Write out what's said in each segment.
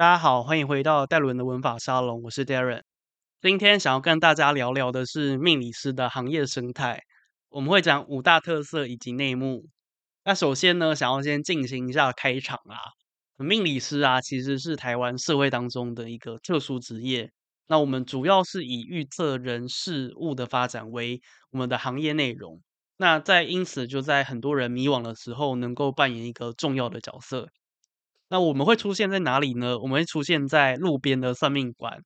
大家好，歡迎回到戴倫的文法沙龍，我是戴倫。今天想要跟大家聊聊的是命理師的行業生態，我們會講五大特色以及內幕。那首先呢，想要先進行一下開場啊。命理師啊，其實是台灣社會當中的一個特殊職業。那我們主要是以預測人事物的發展為我們的行業內容。那在因此就在很多人迷惘的時候，能夠扮演一個重要的角色。那我們會出現在哪裡呢？我們會出現在路邊的算命館，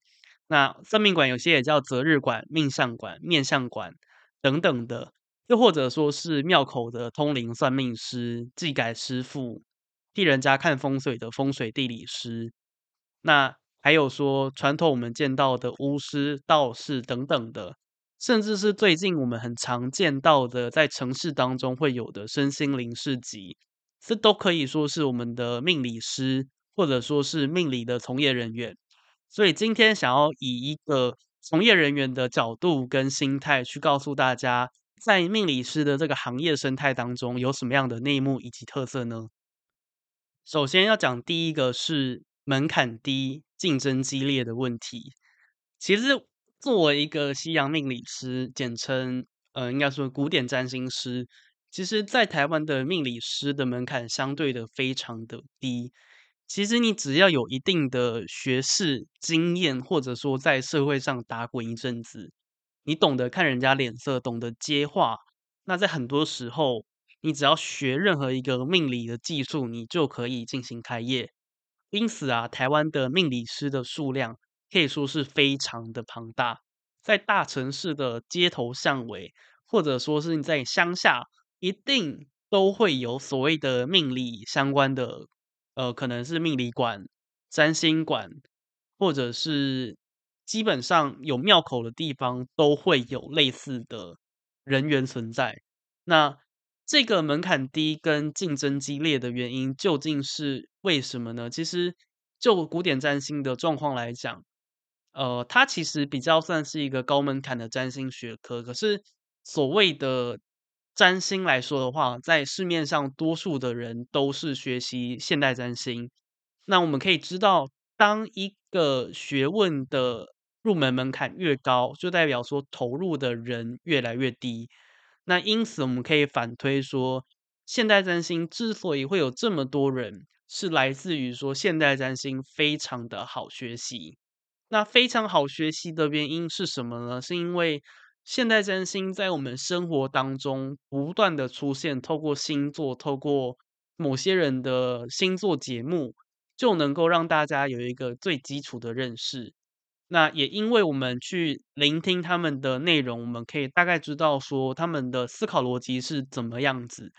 那算命館有些也叫擇日館、命相館、面相館等等的，又或者說是廟口的通靈算命師、祭改師傅，替人家看風水的風水地理師，那還有說傳統我們見到的巫師、道士等等的，甚至是最近我們很常見到的在城市當中會有的身心靈市集。這都可以說是我們的命理師，或者說是命理的從業人員。所以今天想要以一個從業人員的角度跟心態去告訴大家，在命理師的這個行業生態當中，有什麼樣的內幕以及特色呢？首先要講第一個是門檻低、競爭激烈的問題。其實作為一個西洋命理師，簡稱呃，應該說古典占星師。其實，在台灣的命理師的門檻相對的非常的低。其實你只要有一定的學識經驗，或者說在社會上打滾一陣子，你懂得看人家臉色，懂得接話，那在很多時候，你只要學任何一個命理的技術，你就可以進行開業。因此啊，台灣的命理師的數量可以說是非常的龐大。在大城市的街頭巷尾，或者說是你在鄉下。一定都會有所謂的命理相關的，呃，可能是命理館、占星館，或者是基本上有廟口的地方都會有類似的人員存在。那這個門檻低跟競爭激烈的原因究竟是為什麼呢？其實就古典占星的狀況來講，呃，它其實比較算是一個高門檻的占星學科，可是所謂的。占星來說的話，在市面上多數的人都是學習現代占星。那我們可以知道，當一個學問的入門門檻越高，就代表說投入的人越來越低。那因此，我們可以反推說，現代占星之所以會有這麼多人，是來自於說現代占星非常的好學習。那非常好學習的原因是什麼呢？是因為。現代占星在我們生活當中不斷的出現，透過星座，透過某些人的星座節目，就能夠讓大家有一個最基礎的認識。那也因為我們去聆聽他們的內容，我們可以大概知道說他們的思考邏輯是怎麼樣子。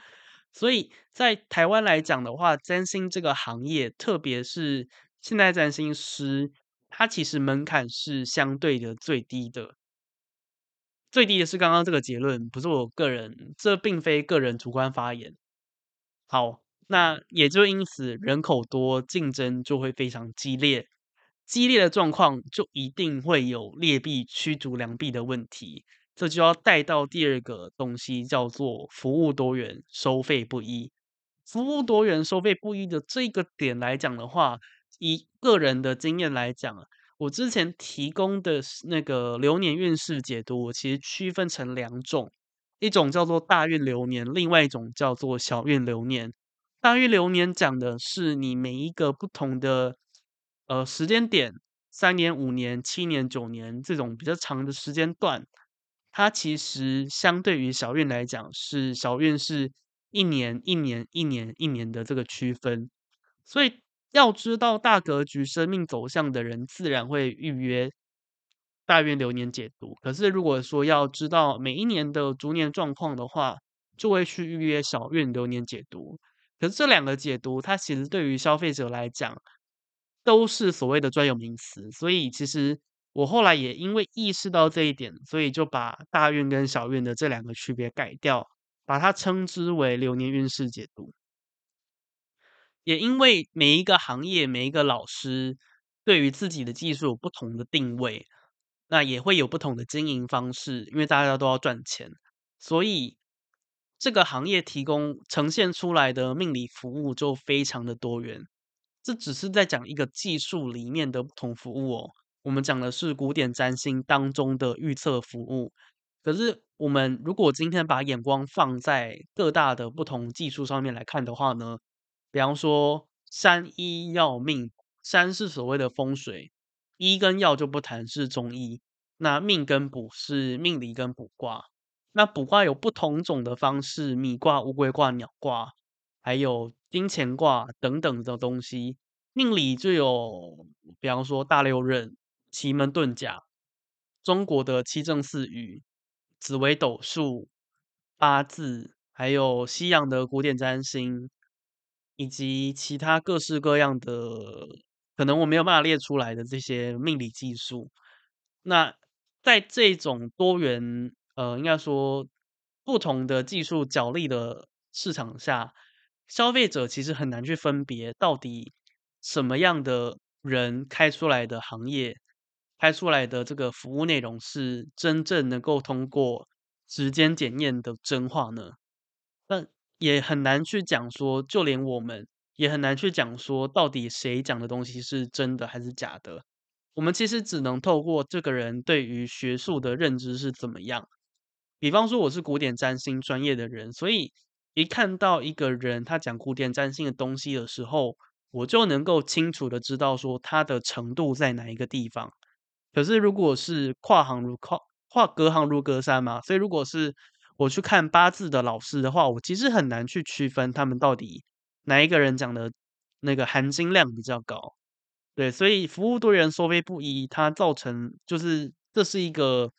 所以在台灣來講的話，占星這個行業，特別是現代占星師，他其實門檻是相對的最低的。最低的是剛剛這個結論，不是我個人，這並非個人主觀發言。好，那也就因此，人口多，競爭就會非常激烈，激烈的狀況就一定會有劣幣驅逐良幣的問題。這就要帶到第二個東西，叫做服務多元，收費不一。服務多元，收費不一的這一個點來講的話，以個人的經驗來講啊我之前提供的那個流年運勢解讀，我其實區分成兩種，一種叫做大運流年，另外一種叫做小運流年。大運流年講的是你每一個不同的呃時間點，三年、五年、七年、九年這種比較長的時間段，它其實相對於小運來講，是小運是一年、一年、一年、一年的這個區分，所以。要知道大格局生命走向的人，自然會預約大運流年解讀。可是如果說要知道每一年的逐年狀況的話，就會去預約小運流年解讀。可是這兩個解讀，它其實對於消費者來講都是所謂的專有名詞。所以其實我後來也因為意識到這一點，所以就把大運跟小運的這兩個區別改掉，把它稱之為流年運勢解讀。也因為每一個行業、每一個老師對於自己的技術有不同的定位，那也會有不同的經營方式。因為大家都要賺錢，所以這個行業提供呈現出來的命理服務就非常的多元。這只是在講一個技術裡面的不同服務哦。我們講的是古典占星當中的預測服務，可是我們如果今天把眼光放在各大的不同技術上面來看的話呢，比方說，山醫要命，山是所謂的風水，醫跟藥就不談是中醫。那命跟卜是命理跟卜卦，那卜卦有不同種的方式，米卦、烏龜卦、鳥卦，還有金錢卦等等的東西。命理就有，比方說大六壬、奇門遁甲、中國的七正四餘、紫微斗數、八字，還有西洋的古典占星。以及其他各式各樣的可能我沒有辦法列出來的這些命理技術。那在這種多元，呃，應該說不同的技術角力的市場下，消費者其實很難去分別到底什麼樣的人開出來的行業，開出來的這個服務內容是真正能夠通過時間檢驗的真話呢？也很難去講說，就連我們也很難去講說，到底誰講的東西是真的還是假的？我們其實只能透過這個人對於學術的認知是怎麼樣。比方說，我是古典占星專業的人，所以一看到一個人他講古典占星的東西的時候，我就能夠清楚地知道說他的程度在哪一個地方。可是如果是跨行如跨，跨隔行如隔山嘛，所以如果是。我去看八字的老師的話，我其實很難去區分他們到底哪一個人講的那個含金量比較高。對，所以服務多元收費不一，它造成就是這是一個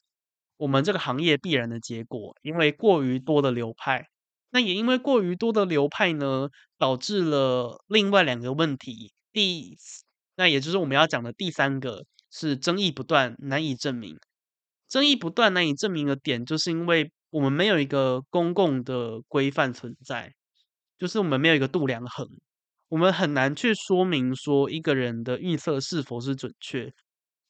我們這個行業必然的結果，因為過於多的流派。那也因為過於多的流派呢，導致了另外兩個問題。第一，那也就是我們要講的第三個是爭議不斷，難以證明。爭議不斷，難以證明的點，就是因為。我們沒有一個公共的規範存在，就是我們沒有一個度量衡，我們很難去說明說一個人的預測是否是準確。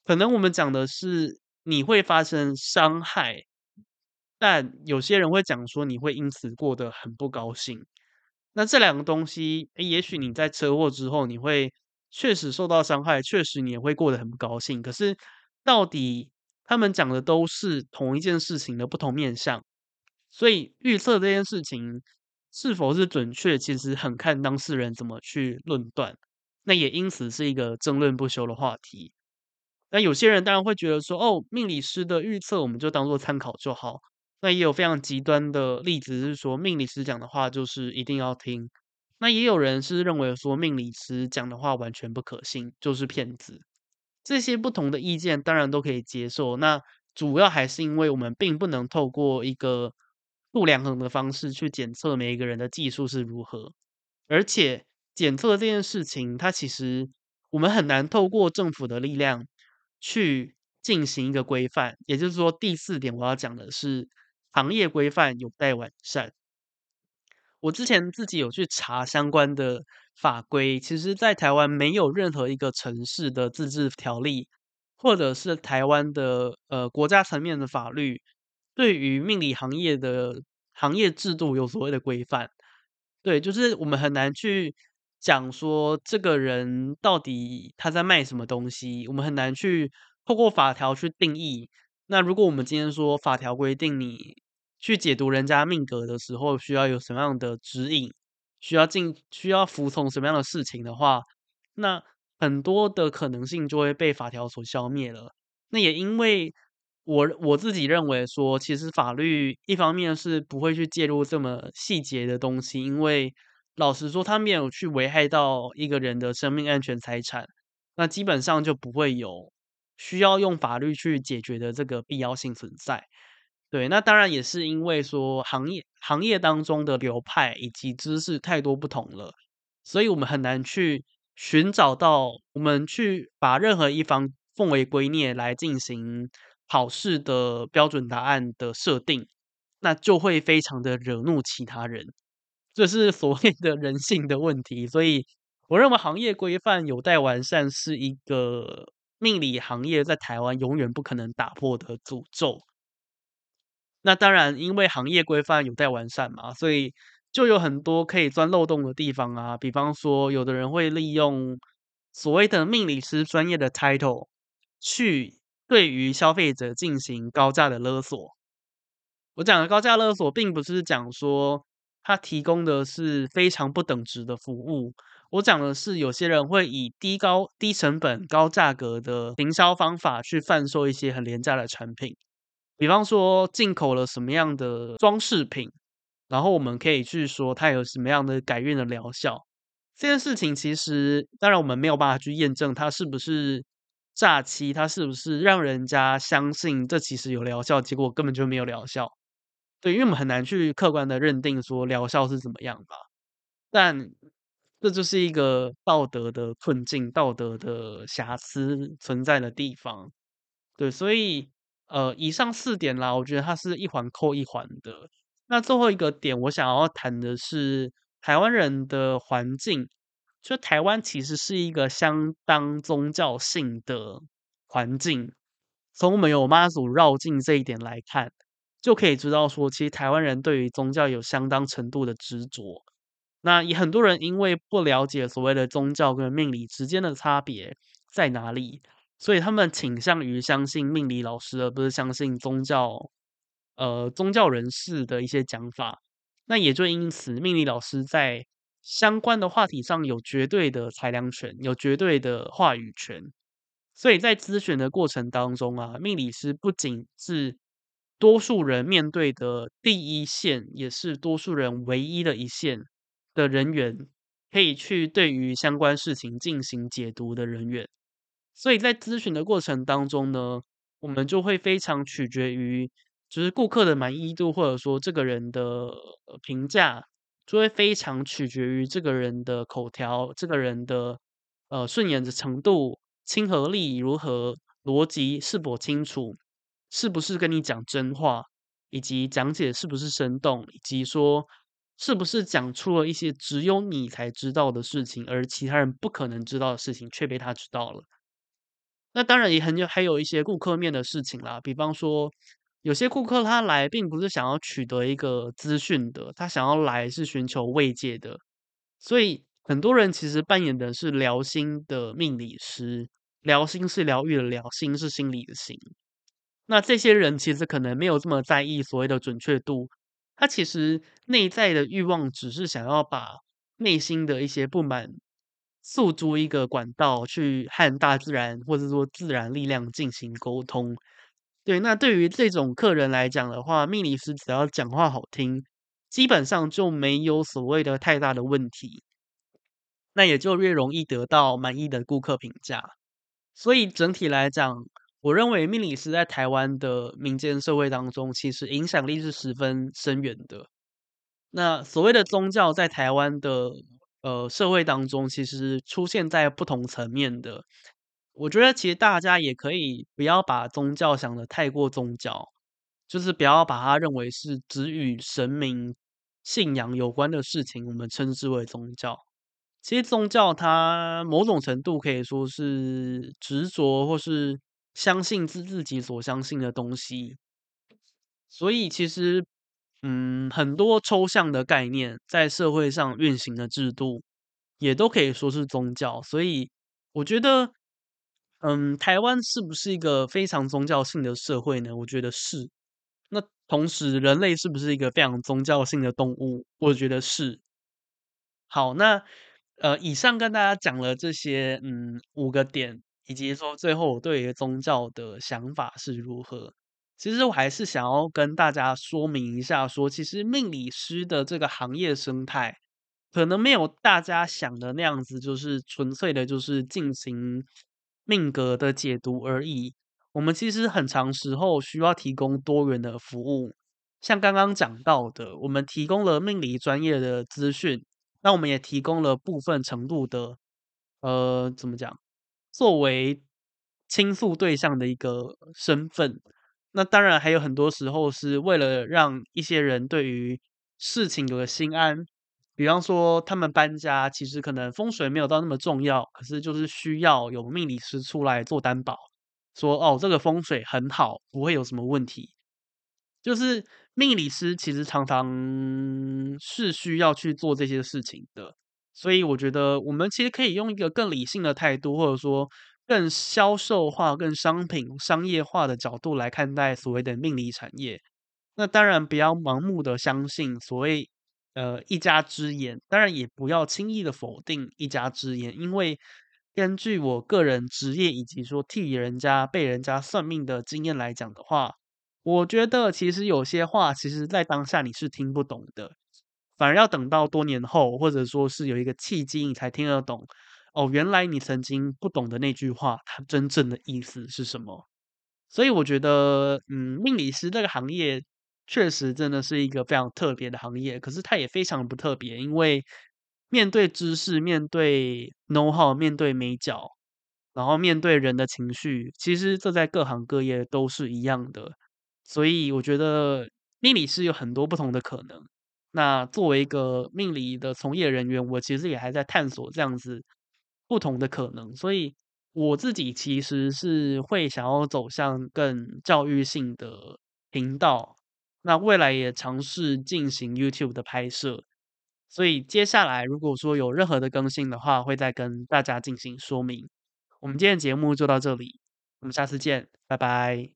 可能我們講的是你會發生傷害，但有些人會講說你會因此過得很不高興。那這兩個東西，誒，也許你在車禍之後你會確實受到傷害，確實你也會過得很不高興，可是到底他們講的都是同一件事情的不同面向，所以預測這件事情是否是準確，其實很看當事人怎麼去論斷。那也因此是一個爭論不休的話題。但有些人當然會覺得說，哦，命理師的預測我們就當做參考就好。那也有非常極端的例子是說，命理師講的話就是一定要聽。那也有人是認為說，命理師講的話完全不可信，就是騙子。這些不同的意見當然都可以接受，那主要還是因為我們並不能透過一個度量衡的方式去檢測每一個人的技術是如何，而且檢測這件事情，它其實我們很難透過政府的力量去進行一個規範。也就是說，第四點我要講的是，行業規範有待完善。我之前自己有去查相關的。法規，其實在台灣沒有任何一個城市的自治條例，或者是台灣的呃國家層面的法律，對於命理行業的行業制度有所謂的規範。對，就是我們很難去講說這個人到底他在賣什麼東西，我們很難去透過法條去定義。那如果我們今天說法條規定你去解讀人家命格的時候，需要有什麼樣的指引？需要進需要服從什麼樣的事情的話，那很多的可能性就會被法條所消滅了。那也因為我我自己認為說，其實法律一方面是不會去介入這麼細節的東西，因為老實說，他沒有去危害到一個人的生命安全、財產，那基本上就不會有需要用法律去解決的這個必要性存在。對，那當然也是因為說行業行業當中的流派以及知識太多不同了，所以我們很難去尋找到我們去把任何一方奉為圭臬來進行考試的標準答案的設定，那就會非常的惹怒其他人，這是所謂的人性的問題。所以我認為行業規範有待完善，是一個命理行業在台灣永遠不可能打破的詛咒。那當然，因為行業規範有待完善嘛，所以就有很多可以鑽漏洞的地方啊。比方說，有的人會利用所謂的命理師專業的 title 去對於消費者進行高價的勒索。我講的高價勒索，並不是講說他提供的是非常不等值的服務，我講的是有些人會以低高低成本、高價格的營銷方法去販售一些很廉價的產品。比方說進口了什麼樣的裝飾品，然後我們可以去說它有什麼樣的改運的療效。這件事情其實當然我們沒有辦法去驗證它是不是詐欺，它是不是讓人家相信這其實有療效，結果根本就沒有療效。對，因為我們很難去客觀的認定說療效是怎麼樣吧。但這就是一個道德的困境，道德的瑕疵存在的地方。對，所以。呃，以上四點啦，我覺得它是一環扣一環的。那最後一個點，我想要談的是台灣人的環境。就台灣其實是一個相當宗教性的環境，從我們有媽祖繞境這一點來看，就可以知道說，其實台灣人對於宗教有相當程度的執着。那也很多人因為不了解所謂的宗教跟命理之間的差別在哪裡。所以他們傾向於相信命理老師，而不是相信宗教，呃，宗教人士的一些講法。那也就因此，命理老師在相關的話題上有絕對的裁量權，有絕對的話語權。所以在諮詢的過程當中啊，命理師不僅是多數人面對的第一線，也是多數人唯一的一線的人員，可以去對於相關事情進行解讀的人員。所以在諮詢的過程當中呢，我們就會非常取決於，就是顧客的滿意度，或者說這個人的評價，就會非常取決於這個人的口條，這個人的呃順眼的程度，親和力如何，邏輯是否清楚，是不是跟你講真話，以及講解是不是生動，以及說是不是講出了一些只有你才知道的事情，而其他人不可能知道的事情卻被他知道了。那當然也很有，還有一些顧客面的事情啦。比方說，有些顧客他來並不是想要取得一個資訊的，他想要來是尋求慰藉的。所以很多人其實扮演的是療心的命理師，療心是療癒的療，心是心理的心。那這些人其實可能沒有這麼在意所謂的準確度，他其實內在的慾望只是想要把內心的一些不滿。訴諸一個管道去和大自然或者說自然力量進行溝通，對，那對於這種客人來講的話，命理師只要講話好聽，基本上就沒有所謂的太大的問題，那也就越容易得到滿意的顧客評價。所以整體來講，我認為命理師在台灣的民間社會當中，其實影響力是十分深遠的。那所謂的宗教在台灣的。呃，社會當中其實出現在不同層面的，我覺得其實大家也可以不要把宗教想得太過宗教，就是不要把它認為是只與神明信仰有關的事情，我們稱之為宗教。其實宗教它某種程度可以說是執着或是相信自自己所相信的東西，所以其實。嗯，很多抽象的概念在社會上運行的制度，也都可以說是宗教。所以，我覺得，嗯，台灣是不是一個非常宗教性的社會呢？我覺得是。那同時，人類是不是一個非常宗教性的動物？我覺得是。好，那呃，以上跟大家講了這些，嗯，五個點，以及說最後我對於宗教的想法是如何。其實我還是想要跟大家說明一下說，說其實命理師的這個行業生態，可能沒有大家想的那樣子，就是純粹的，就是進行命格的解讀而已。我們其實很長時候需要提供多元的服務，像剛剛講到的，我們提供了命理專業的資訊，那我們也提供了部分程度的，呃，怎麼講，作為傾訴對象的一個身份。那當然，還有很多時候是為了讓一些人對於事情有個心安，比方說他們搬家，其實可能風水沒有到那麼重要，可是就是需要有命理師出來做擔保，說哦，這個風水很好，不會有什麼問題。就是命理師其實常常是需要去做這些事情的，所以我覺得我們其實可以用一個更理性的態度，或者說更銷售化、更商品、商業化的角度來看待所謂的命理產業，那當然不要盲目的相信所謂呃一家之言，當然也不要輕易的否定一家之言，因為根據我個人職業以及說替人家、被人家算命的經驗來講的話，我覺得其實有些話，其實在當下你是聽不懂的，反而要等到多年後，或者說是有一個契機，你才聽得懂。哦，原來你曾經不懂的那句話，它真正的意思是什麼？所以我覺得，嗯，命理師這個行業確實真的是一個非常特別的行業，可是它也非常不特別，因為面對知識，面對 know how，面對眉角，然後面對人的情緒，其實這在各行各業都是一樣的。所以我覺得命理師有很多不同的可能。那作為一個命理的從業人員，我其實也還在探索這樣子。不同的可能，所以我自己其實是會想要走向更教育性的頻道，那未來也嘗試進行 YouTube 的拍攝，所以接下來如果說有任何的更新的話，會再跟大家進行說明。我們今天節目就到這裡，我們下次見，拜拜。